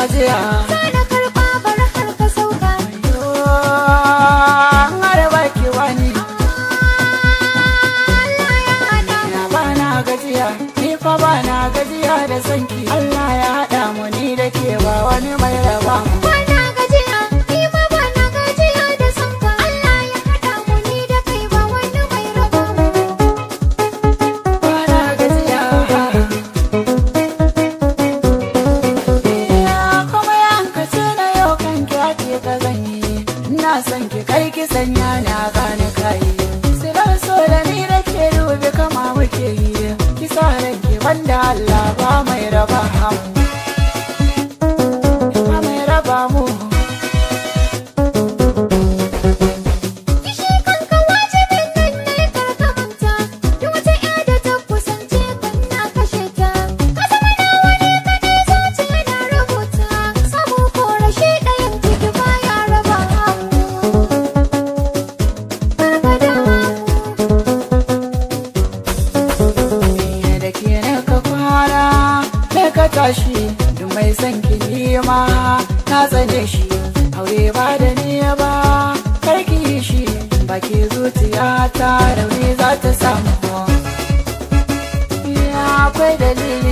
ajiya sai na karɓa bar har ka sauka baki wani bana gajiya ni fa bana gajiya da sanki Allah ya haɗa mu ni da ke ba wani mai son ki kai ki sanya na gane kai sila so da ni ke dubi kama muke yi ki sa ranki wanda Allah ba mai raba mu ba mai raba mu tashi duk mai son kilima na tsane shi aure ba da ni ba karki shi baki zuciya ta rauni za ta samu akwai dalili